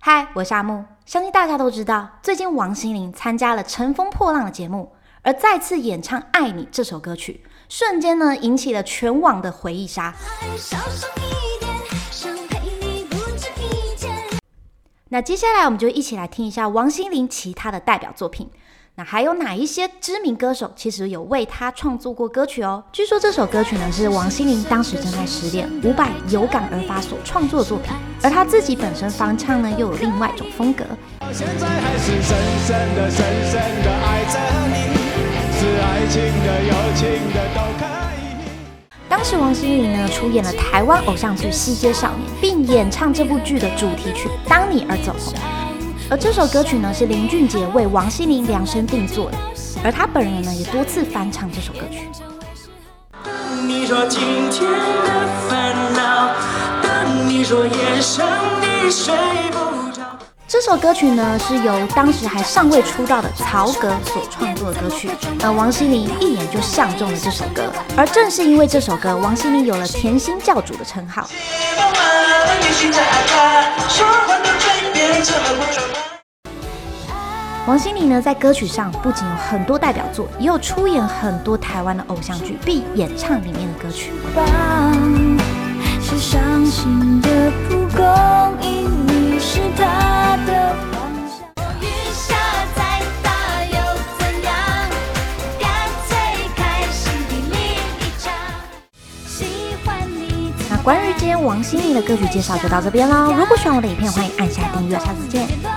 嗨，Hi, 我是阿木，相信大家都知道，最近王心凌參加了《乘風破浪》的節目，而再次演唱《愛你》這首歌曲，瞬間呢引起了全網的回憶殺。那接下來，我們就一起來聽一下王心凌其他的代表作品。那還有哪一些知名歌手其實有為他創作過歌曲哦？據說這首歌曲呢是王心凌當時正在失戀，伍佰有感而發所創作的作品。而他自己本身翻唱呢又有另外一種風格。到現在還是深深的深深的愛著你，是愛情的友情的都可以。當時王心凌呢出演了台灣偶像劇《西街少年》，並演唱這部劇的主題曲《當你》而走紅。而這首歌曲呢，是林俊杰為王心凌量身定做的，而他本人呢，也多次翻唱這首歌曲。這首歌曲呢，是由當時還尚未出道的曹格所創作的歌曲，而王心凌一眼就相中了這首歌。而正是因為這首歌，王心凌有了甜心教主的稱號。王心凌呢，在歌曲上不僅有很多代表作，也有出演很多台灣的偶像劇，並演唱裡面的歌曲。是傷心的蒲公英，迷失它的方向，雨下再大又怎樣，乾脆開心的淋一場。喜歡你。那關於今天王心凌的歌曲介紹就到這邊嘍。如果喜歡我的影片，歡迎按下訂閱，下次見。